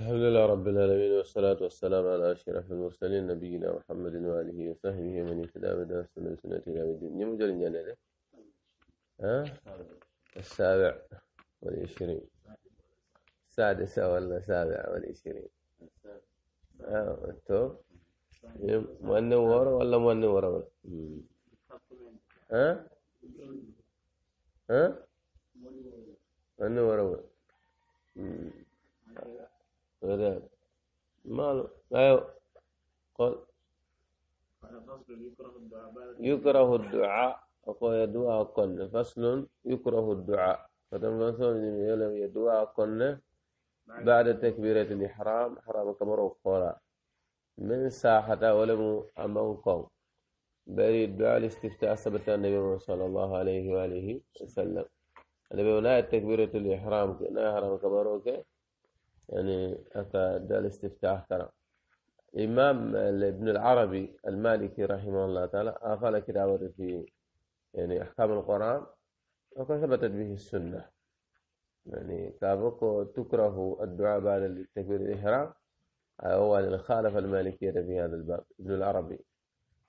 الحمد لله رب العالمين والصلاة والسلام على أشرف المرسلين نبينا محمد وآله وصحبه من اهتدى بهداه سنة سنة إلى الدين يوم جل جلاله يعني ها السابع والعشرين السادسة ولا السابعة والعشرين ها التوب منورة ولا منورة ولا ها ها منورة ولا كذلك ما أيوه قل يكره الدعاء أقول يدعاء كن فصل يكره الدعاء فتم فصل يدعاء كن بعد تكبيرة الإحرام حرام كبر وقولا من ساحة ولم أمه قوم بري الدعاء الاستفتاء سبت النبي صلى الله عليه وآله وسلم النبي ولا تكبيرة الإحرام كنا حرام كبروك يعني ده الاستفتاح ترى إمام ابن العربي المالكي رحمه الله تعالى أغلى كتابة في يعني أحكام القرآن وقد ثبتت به السنة يعني كابوكو تكره الدعاء بعد التكبير الإحرام هو الخالف المالكية في هذا الباب ابن العربي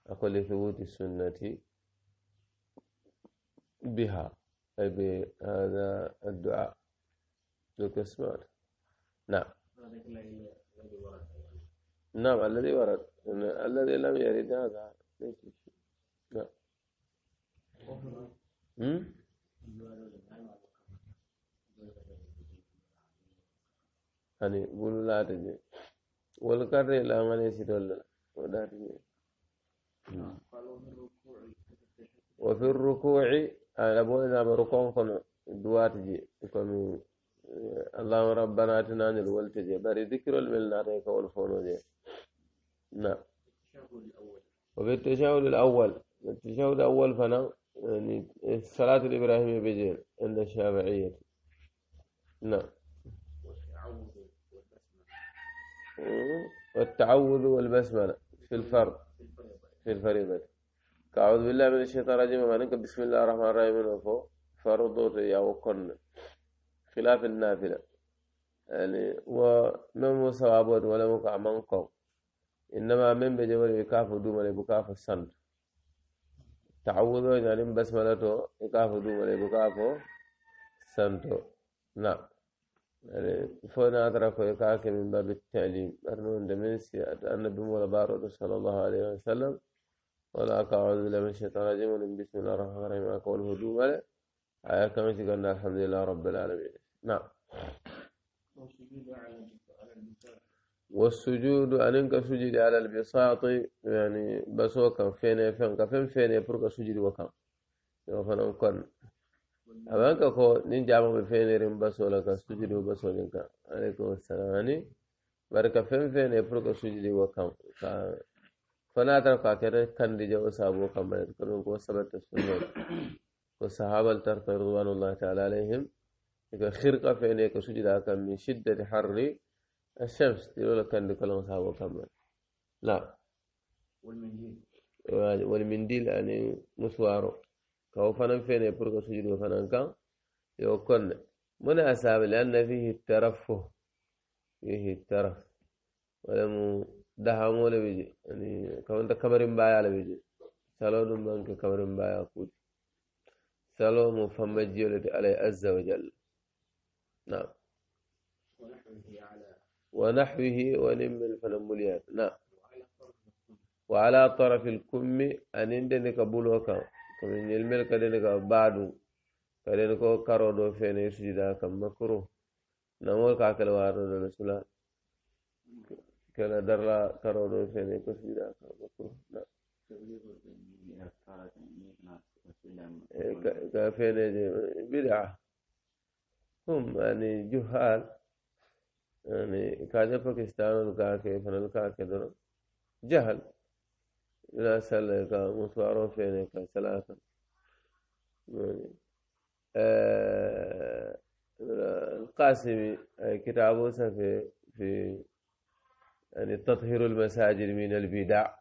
أقول لثبوت السنة بها أي بهذا الدعاء ذو الكسمان نعم نعم الذي ورد الذي لم يرد هذا ليس نعم هم؟ అని గుళ్ళాటిది ఒలకర్రి లాంగనేసిటోళ్ళ దాటిది وفي الركوع على بولنا نعم، بركوع كنا دواتجي كنا اللهم ربنا اتنا الولتج بري ذكر الملناتيك والفونوجي نعم وبالتشهد الاول التشهد الاول فانا يعني الصلاة الإبراهيمية بجيل عند الشافعية نعم والتعوذ والبسملة في الفرض في الفريضة كأعوذ بالله من الشيطان الرجيم ومعنك بسم الله الرحمن الرحيم فرضوا يا وكن خلاف النافلة يعني ونمو سوابوت ولا مقع منقو إنما من بجبل بكافو دوما بكافو السند تعوذوا يعني بسملته بكافو دوما بكافو سنتو نعم يعني فونا أدركوا إكاك من باب التعليم أرنون دمينسي أن بمولى بارود صلى الله عليه وسلم ولا أعوذ بالله من الشيطان الرجيم بسم الله الرحمن الرحيم أقول هدوء عليه آية كما الحمد لله رب العالمين نعم والسجود أنك سجد على البساط يعني بس وكان فين فين فين فين يبرك سجد وكان يوفن كان أما أنك كو نجام فين رم بس ولا كسجد وبس ولا كان عليكم السلام يعني بركة فين فين يبرك سجد وكان فنا ترى كاكرة كان رجع وسابو كمان كلهم كو سبت السنة والصحابة ترى رضوان الله تعالى عليهم خرقة فينيك سجدا كان من شدة حر الشمس تقول لك كان لون صحابه كمان نعم. لا والمنديل والمنديل يعني مسوارو كو فنان فيني برك سجده فنان كان يوكن من أساب لأن فيه الترفه فيه الترف ولم دهمو لبيجي يعني كمان كون تكبرين بايا لبيجي سالو دم بانك كبرين بايا كود سالو مفهم جيولة عليه عز وجل نعم ونحوه ولم الفنمليات نعم وعلى طرف الكم أن عندنا بلوكا كم كم المل كدنا بعد كدنا كو كارو فين يسجدا كم مكرو نمول كاكل وارد الرسول كلا درلا كارو دو فين يسجدا كم مكرو نعم إيه، كفين بدعة هم يعني جهال يعني كاجا باكستان का كي फनल كا كي دور جهل لا سل كا مصوارو فين كا सलात يعني آه القاسمي آه، كتابه في في يعني تطهير المساجد من البدع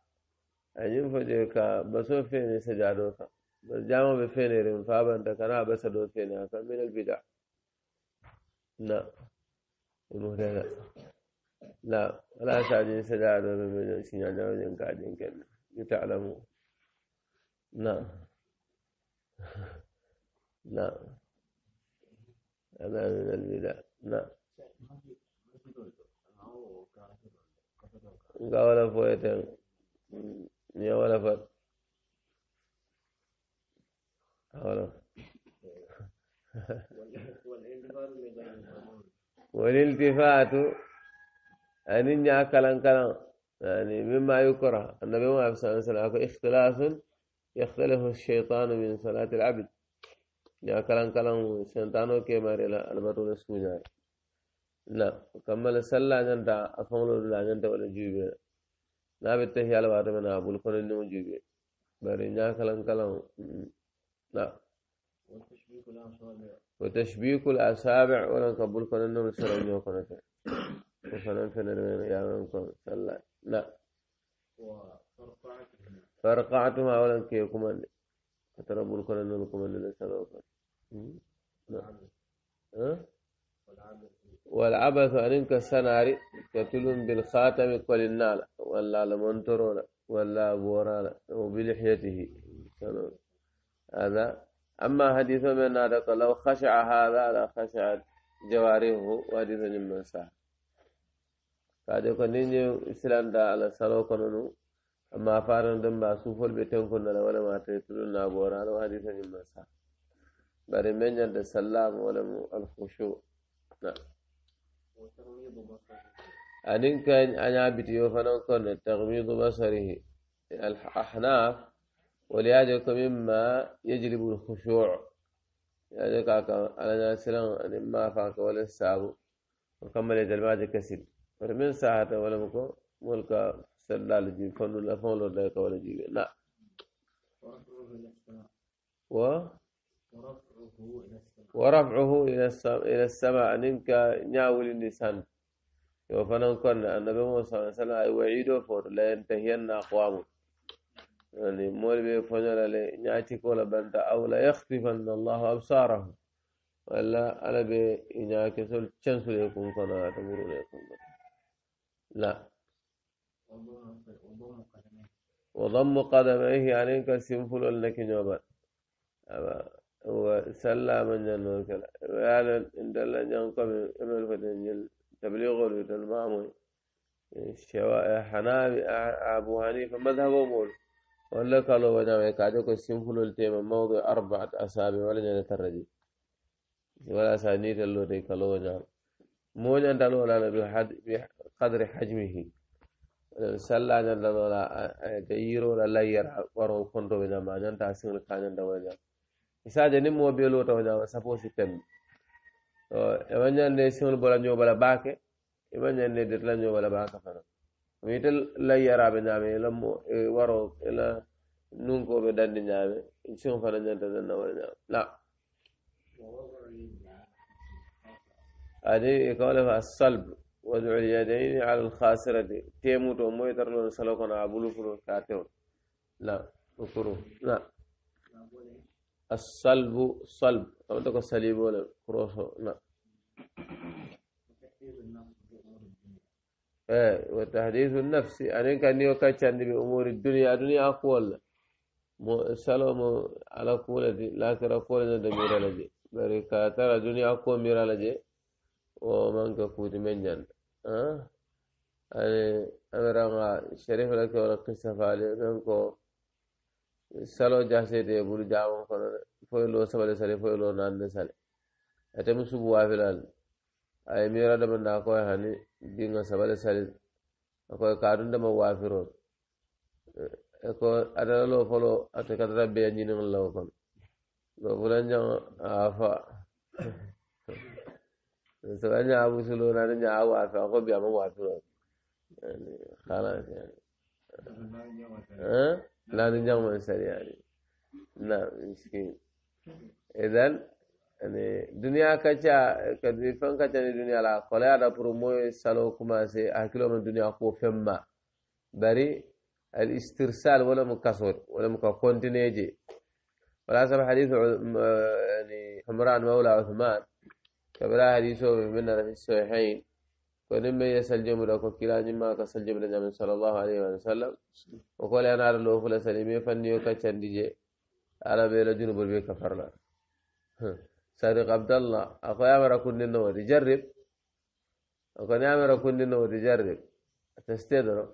يعني فجأة كا بس فين سجادوكا بس جامو بفين رين فابن تكنا بس دو فين من البدع لا المهدى لا لا لا سعد سداد ومن سناد ومن قاعد كان يتعلموا نعم نعم أنا من البدع نعم nga wala يا ولا فات fat والالتفات أن يعني كلام كلام يعني مما يكره النبي محمد صلى الله عليه وسلم اختلاف يختلف الشيطان من صلاة العبد يا كلام كلام شيطانو كي لا البتو نسمو جاي لا كمل سلا جنتا أفهمه لا جنتا ولا جيبه لا بتهي على بعض من أبو الكون النوم جيبه بارين يا كلام كلام لا وتشبيك الأصابع أه؟ ولا قبل كنا نمر سرعون يوكنا كنا وفنان فنان يا كنا صلى نعم فرقعتما ولا كيكم فتربوا كنا نمكم أن نسألوكم نعم والعبث أنك سناري كتلون بالخاتم كل النال ولا ترونا ولا بورانا وبلحيته هذا أما حديث من هذا لو خشع هذا لخشعت جوارحه وحديث من سهل kade ko ni ñew silanda ala salo kono nu amma faran dem ba sufol be tenkon na wala ma te tulun na bora ala hadisa ni masa bare menya da sallam wala mu al khushu na anin kan anya biti yo fanan kon tagmidu basarihi al ahnaf ولذلك مما يجلب الخشوع ذلك أنا سلام أن ما فاك ولا الساب وكمل يدل ما كسب من ساعة ولا مكو ملك سلال جيب فن ولا فن ولا ولا جيب لا و ورفعه إلى السماء إلى السماء نمك نعول النسان وفنان كنا النبي موسى صلى الله عليه وسلم وعيده فور لا ينتهين أقوامه يعني مول بي فنل لي نعتي كولا بنت أو لا يخطفن الله أبصاره ولا أنا بي إناك سول تشنسل يكون كنا تمرون يكون لا وضم قدميه يعني كسيمفل لك نوبا وسلا من جنو كلا وعلى يعني إن دل جنكم إمل فتنجل تبليغ الوتن مامو الشوائح حنابي أبو حنيفة مذهب مول ولا قالوا وجامع كادوكو سيمفلول التيم موضوع أربعة أسابع ولا جانا تردي ولا سانيت اللوري قالوا وجامع مو لا بحد بقدر حجمه سلا جانا ولا تييرو لا لير ورو كنتو ما جانا تاسين لكا جانا وجامع إسا جاني مو بيلو تو توجامع سبوسي تم إما جانا سيمفلول بولا نيو بلا باكي إما جانا دتلا نيو بلا باكي فنم ويتل لا يرى بنامي لا مو وارو إلا نونكو بدان دنامي إن شاء الله فلان جنتنا نورنا لا هذه يقول في الصلب ودع اليدين على الخاسرة تيموت وموي ترلو سلوكنا أبولو فرو كاتيو لا فرو لا الصلب صلب أنت كسليب ولا كروسو لا إيه، وتحديث النفس أنك يعني أني وكتشان بأمور الدنيا الدنيا أقول سلام على قولتي لا ترى قولنا دمير لجي بركة ترى الدنيا أقوى مير لجي ومن كفوت من جن أه؟ يعني أنا أمرا ما شريف لك ولا قصة فعلي من منكو سلو جاسيتي بولو جاوان فنان فويلو سبالي سالي فويلو نان سبوا في الأرض ay mira da banda ko hani dinga sabale sali ko kaadun da ma wafiro ko adala lo folo ataka da be nyina law kon lo fulan jang afa so anya abu sulo na nya awa fa ko biya ma wafiro خلاص يعني لا نجمع سريع يعني نعم مسكين إذن ani dunia kacha ca kadi fɛn ka ni dunia la kule ada promo moye salo commencé akilo ma dunia ko fɛn bari al istirsal wala mu kasor wala mu ka wala sab hadith yani humran mawla uthman kabira hadithu min fi sahihain ko nin me yasal jemu da ko kila ni ma ka sal jemu da nabi sallallahu alaihi wa sallam o ko le na da lo fula salime fanni yo ka candi ala be la junubul be kafarla صادق عبد الله أخو يامر كن نو تجرب أخو يامر كن نو تجرب تستدرو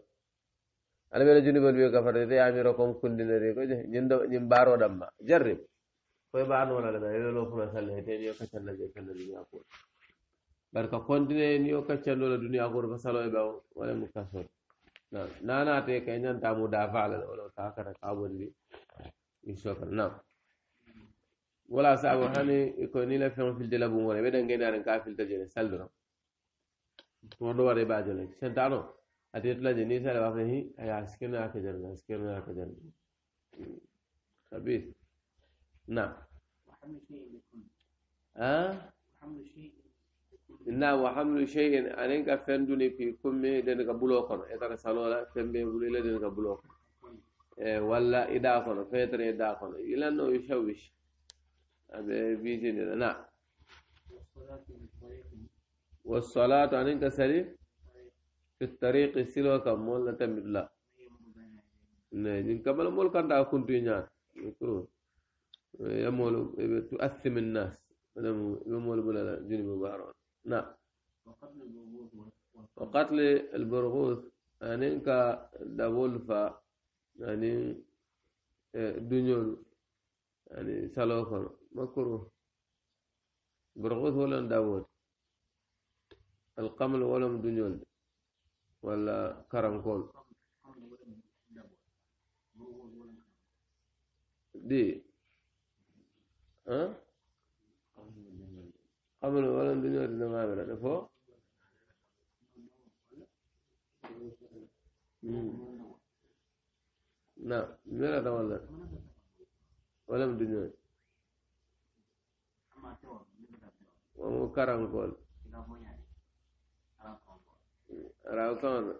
أنا بلا جنوب البيو كفر تي يامر كم كن نو ريكو نندو نمبارو دمّا جرب koye mbaano wona gana ene loo fula salle hete ni yo kaccalla je kalla duniya koto bar ka continue ni yo kaccallola duniya koto fa salo e ɓaw wala mo kasor nam nanate kay ñanta mo dafala wala takata kabonndi insokal nam ولا صعب هني يكون نيلا فيهم فلتر لبومه بدل ان كان عندك فلتر جيني سالدرا وندو باري باجلك سنتانو اتيت لا جيني سال وافه هي هي اسكنا اكجر اسكنا اكجر خبيث نعم محمد شيء ها محمد شيء إنا وحمل شيء أنك فندوني في كم دين قبلوك إذا رسالوا لا فنبي بولي لا دين قبلوك إيه، ولا إداكم فيتر إداكم إلا أنه يشوش نعم والصلاة عن كسري في الطريق سلوى كمول نتمر لا نعم كمال مول كان أكون دنيا يكرو يمول تؤثم الناس يمول بلا جنب بارون نعم وقتل البرغوث يعني كا فا يعني آه، دنيا يعني سلوى مكروه برغوث ولا داود القمل ولم دنيول ولا كرنكول دي ها قمل ولم دنيول ما بلا فوق نعم ماذا ولا ولم دنيول wo karankol raw kaŋono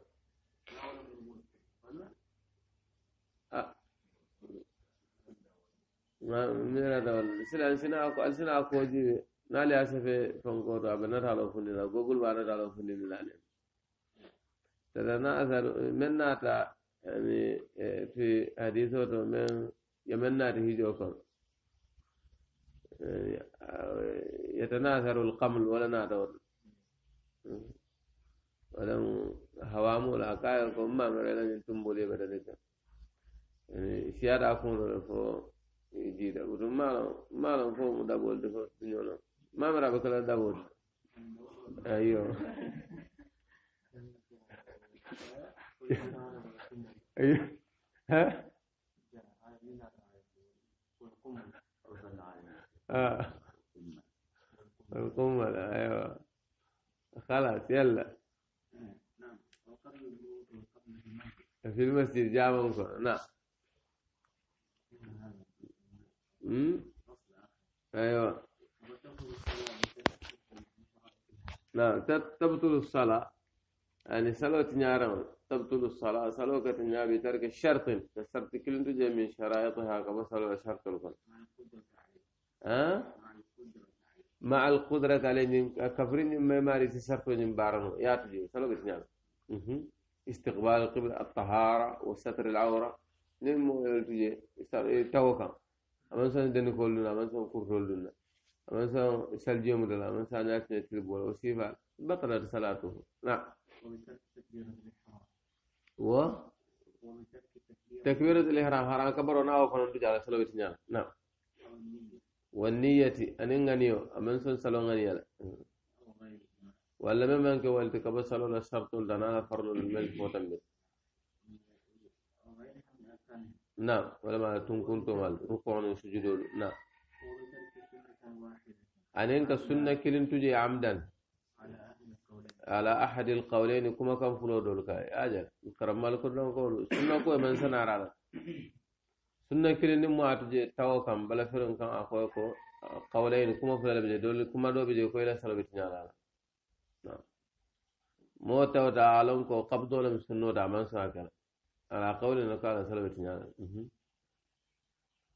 mirata walla sila sina a koojiwe naali a sefe fonkoto aɓe natalo fulila gogol ba natalo fulinilale tata na asar men naata ani fi hadiso to men yo men naati hijo kono يتناثر القمل ولا نادور ولم هوامو لا كاي كم ما مرينا نتوم بولي بدلك يعني سيارة أكون فو جيدا ودم ما ما لهم فو مدابول دفو سنونا ما مرا بكلا دابول أيوه أيوه ها آه. القنبلة أيوة خلاص يلا في المسجد جاء منصور نعم أيوة نعم تبطل الصلاة يعني صلاة نيارة تبطل الصلاة صلاة نيارة بترك الشرط كسرت كل من شرائطها كما صلاة شرط الفن مع القدرة على كفرين ما ماري سرطان بارنو يا ياتجي سلوك نعم استقبال القبلة الطهارة وستر العورة نم يلتجي توكا أما سان دن كولنا أما سان كورولنا أما سان سلجيو مدلا أما سان ناس نتلبول وسيفا بطلت صلاته نعم و تكبيرة الإحرام حرام كبرنا وكنا نرجع على سلوك نعم نعم والنية أن غنيو أمن سن سلو غنيا ولا من من كوال تكبر سلو لا شرط لنا فرض الملك وتمت نعم ولا ما تنكون تمال ركوع وسجود نعم أنك السنة كلن تجي عمدا على أحد القولين كما كان فلو دولك أجل كرم مالك دولك سنة كوي من سنة رأى sunna kilindi muwaatu je tawo kam bala feron kam a koye ko kawlayin kuma fulala bi je dole kuma ɗo bi je koyla salobi tiñalala moo tawta alon ko kabdolem sunnoda man sa kala ala kawli no kala salobi tiñalala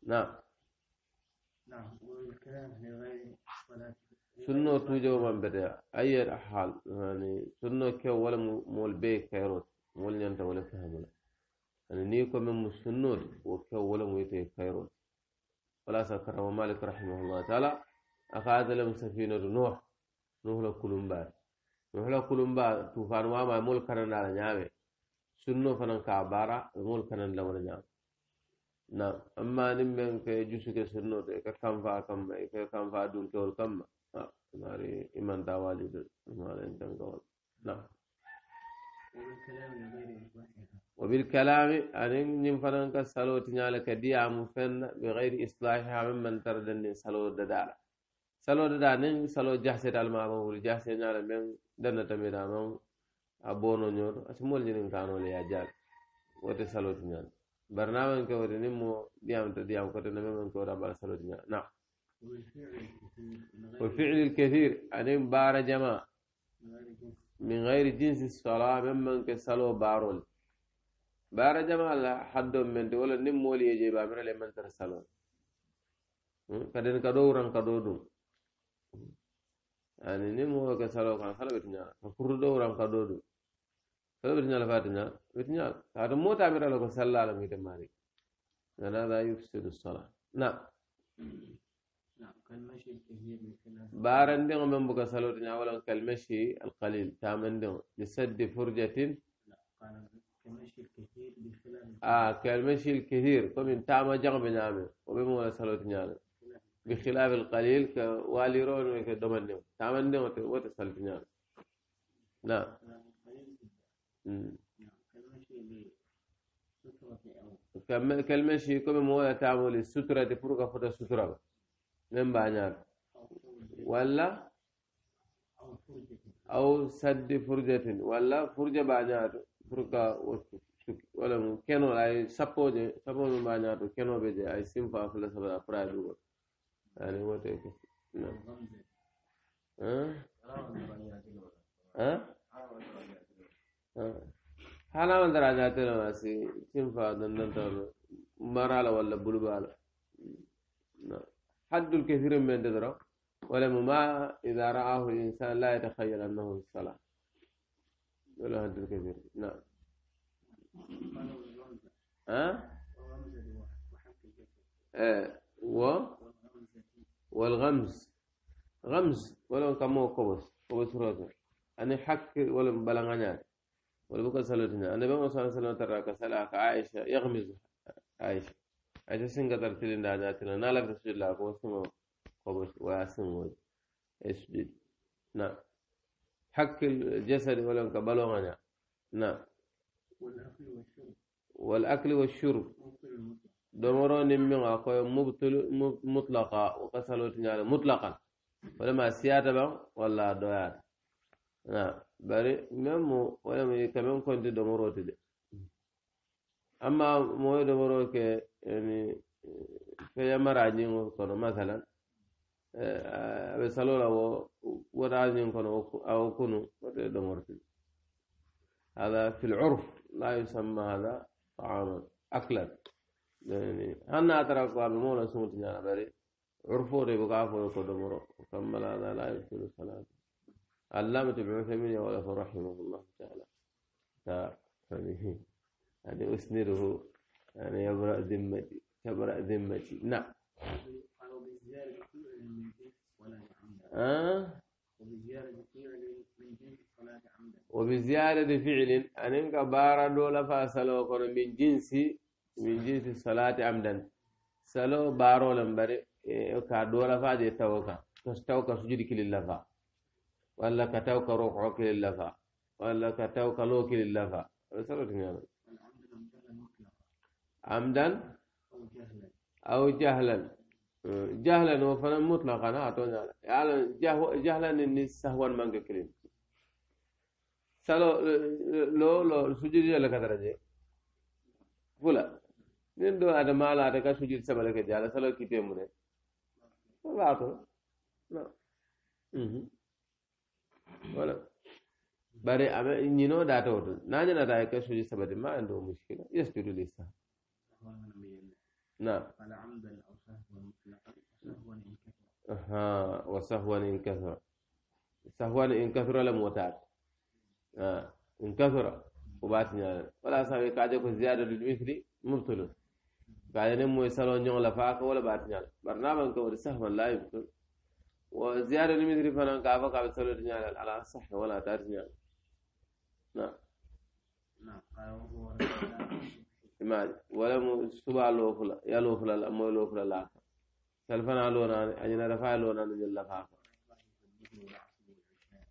na sunno tujowo man bete ayyet hal yani sunno kew wala mool bee kayrot mool ñanta wala fahamula أنا نيكو من مسنول وكولا ويتي كيرون ولا سكر مالك رحمه الله تعالى أقعد لهم سفينة نوح نوح لكلهم بار نوح لكلهم بار توفان واما مول كرن على نعمه سنو فنان كعبارة مول كرن لولا نعم نعم أما نمن كجوسو كسنو كم فا كم كم فا دون كول كم ناري إيمان تاوالي دل ما لين تنقول نعم وبالكلام أن فلنك سلو تنالك دي عمفن بغير إصلاحها ممن تردن سلو ددار سلو ددار نن سلو جحسة المامو والجحسة نال من دنة تمدامو أبونو نور أسمول جنن كانوا ليا جال وتي سلو تنال برنامج كوري نمو ديام تديام كوري نمو كوري أبال سلو تنال نعم وفعل الكثير أن بار جماعة من غير جنس الصلاة ممن كسلو بارول بار جمال حد من دول نمول يجي بامر لمن ترسلون كدن كدورا كدودم يعني نمو كسلو كان سلو بتنيا كردورا كدودم سلو بتنيا لفاتنيا بتنيا هذا مو تعمل لك سلا لم يتماري هذا يفسد الصلاة نعم نعم، بارندين من بك سلوتنا ولا كالمشي القليل تامندين لسد فرجة آه كالمشي الكثير كم تام جغب نعمه وبمولا سلوتنا بخلاف القليل كواليرون وكدمنيو تامندين وتسلوتنا نعم كالمشي كم مولا تعمل السترة دي فرقة فرقة سترة من بانيال ولا أو سد فرجة ولا فرجة بانيال فرقة ولا ممكن ولا أي سبو جي سبو من بانيال كنو بيجي أي سيمفا فلا سبلا فراي بقول يعني هو تيك نعم ها ها hala man dara jate na wasi simfa dan dan tawlo marala wala bulbala حد الكثير من الدرا ولم ما إذا رآه الإنسان لا يتخيل أنه في الصلاة ولا حد الكثير نعم ها؟ أه؟ و والغمز غمز ولو هو قبس قبس رأسه أنا حك ولا بلغنا ولا بكسلتنا أنا بما صلى الله ترى كسلاك عائشة يغمز عائشة ate singa tar tilinda ñatila na lafita sujudla ko simo kobo waya simoji e sujud na hakkil jasadi holon ka baloŋaña na wal akli washurb domoro nin miŋa koye mubtulu mutlaka wo kasaloti ñaale mutlaqan walema siyata baŋ walla doyata na bari même mu walema kamen konti domoroti de أما مويل وروك يعني في مراجين وكنا مثلا آه، بسالو لو وراجين كنا أو كنو دمرتين هذا في العرف لا يسمى هذا طعاما أكلا يعني أنا أترى أقوال المولى سمت جانا بري عرفوا ري بقافوا يقدموا كمل هذا لا يبطل الصلاة علامة ابن عثيمين يا ولد رحمه الله تعالى فهمي. يعني أسنره يعني يبرأ ذمتي تبرأ ذمتي نعم آه؟ فعل من أه؟ وبزيارة فعل أنك بارا دولا فاسلو من جنس من جنس الصلاة عمدا سلو بارو لمبري كا دولا فاجي توكا كستوكا سجدك للفا ولا كتوكا ركعك للفا ولا كتوكا لوك للفا سلو تنيانا عمدا أو جهلا جهلا وفنا مطلقا أتونا يعني جهلا إني سهوا مانك كريم سلو لو لو سجدي لك درجة فلا نندو هذا ما لا تكا سجد سبلك جالا سلو كتير منه لا تو لا ولا bare ame ñino data woto nañanata e question ji sabati ma ando muskila yestudu lista نعم قال عمدا أو سهوا مطلقا سهوا إن كثر أها وسهوا إن كثر سهوا إن كثر لم وتعد آه، إن كثر وباتنا ولا سوي كاجك زيادة للمثل مبطل بعد نمو يسالون نيون لفاق ولا باتنا برنامج كو سهوا لا يبطل وزيادة للمثل فانا كافا كافا سالون على صح ولا تعد نعم نعم قال وهو wala mu suba lofula ya lofula la moy lofula la salfana lonani añina dafa lonani ñel la fa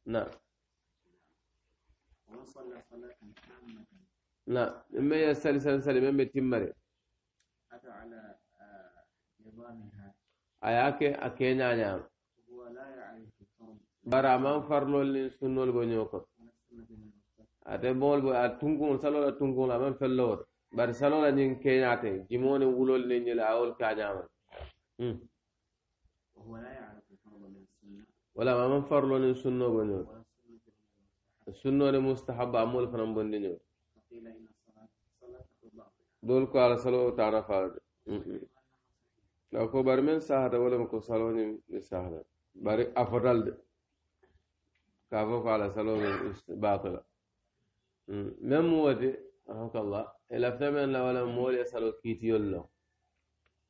na na me ya sali sali sali me be timmare ata ala ayake akenya nyama bara man farlol ni sunnol bo ñoko ate bol bo a tunkun salola tunkun la man fellowta bari salola ñiŋ keñate jimoo niŋ wulol niŋ ñila awol kañama wala maman farlo niŋ sunno bo sunno ni mustahaba amolu fanaŋ bondi ñool doolu ko ala saloo taana faala de a ko bari meŋ sahata wo lema ko saloo ñiŋ mi sahata bari a de ka ko ala saloo meŋ batula meŋ mu wote رحمك الله الى فتم ان لولا مول يسالو كيتي يولو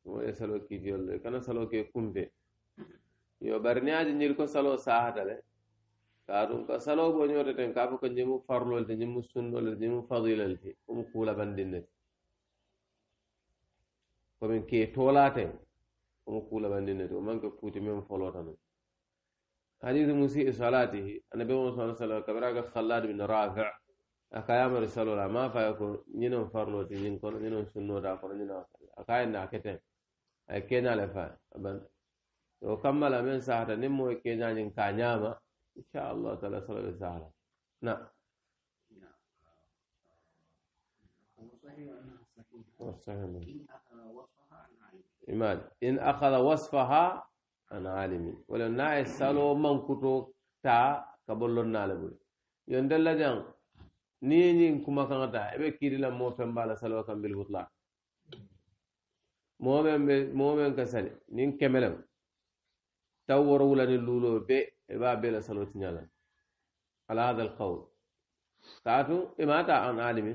مول يسالو كيتي يولو كان سالو كي كومبي يو برنياج نير كو سالو ساهتال كادو كو سالو بو نيو تين كاب كو نيمو فارلول دي نيمو سونول دي نيمو فضيلل دي ام كولا بندين دي كومين كي تولات ام كولا بندين دي ومان كو كوتي ميم فولو تان حديث موسى صلاته النبي صلى الله عليه وسلم كبرك خلاد بن رافع akaya akayama salo la ma fa ko nyino farlo ti nyin ko nyino sunno da ko nyino akaya na kete ay kenya le fa ban o kamala men sahata nim e kenya nyin ka nyama insha Allah taala salo le wasallam na إيمان إن أخذ وصفها أنا عالمي ولو نعي السلو من كتو تا كبلو النالبول يندل جان نين كما كان تا ابي لا مو فم بالا سلوا كم بالبطلا مومن كسل نين كملم تورو لن لولو بي ابا بلا سلوا تنال على هذا القول تاتو اماتا ان عالم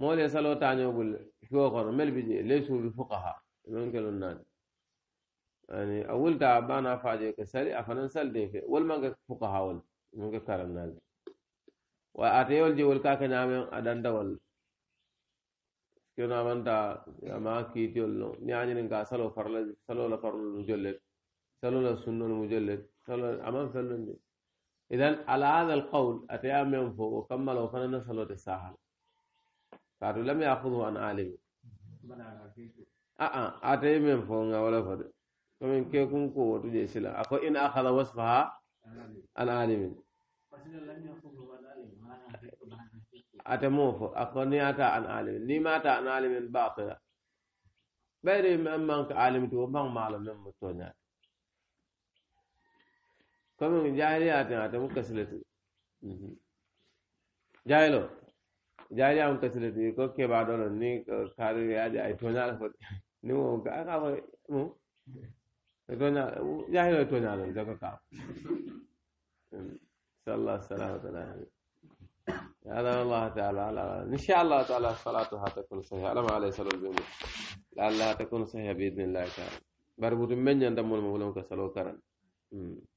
مولى سلوا تانيو بول فوخر مل بي ليسو بفقها من كلو نان يعني اول تعبان افاجي كسل افنن سل فقها ول منك كارنال دي. وأتيول جيول كاكا نعمل أدانتا ول كنعمتا ما كيتيول نو نيانا نكا سالو فرلا سالو لا فرلا مجلد سالو لا سنو مجلد سالو أمام فرلا إذن على هذا القول أتيا من فوق وكملوا فنن سالو تساهل قالوا لم يأخذه عن عالم آآ آه، آه، أتيا من فوق نعم ولا فرد كمين كيكون كو تجي سلا أقول إن أخذ وصفها عن عالم لم يأخذه عن عالم أتموفو أكوني أتا أن أعلم نيم أتا أن أعلم الباطل بيري من من أعلم تو من معلم من متونا كم من جاهلية أتا أتا مكسلت جاهلو جاهلية مكسلت يكو كي بعدون ني كاري يا جاي تونا لفت نيمو كاكا مو جاهلو تونا لفت جاكا كاو صلى الله عليه هذا الله تعالى أعلم إن شاء الله تعالى صلاتها تكون صحيحة لما عليه صلى الله عليه وسلم لعلها تكون صحيحة بإذن الله تعالى بربوت من يندم المولون كسلو كرن